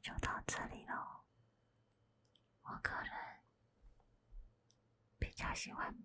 就到這裡嘍，我個人比較喜歡。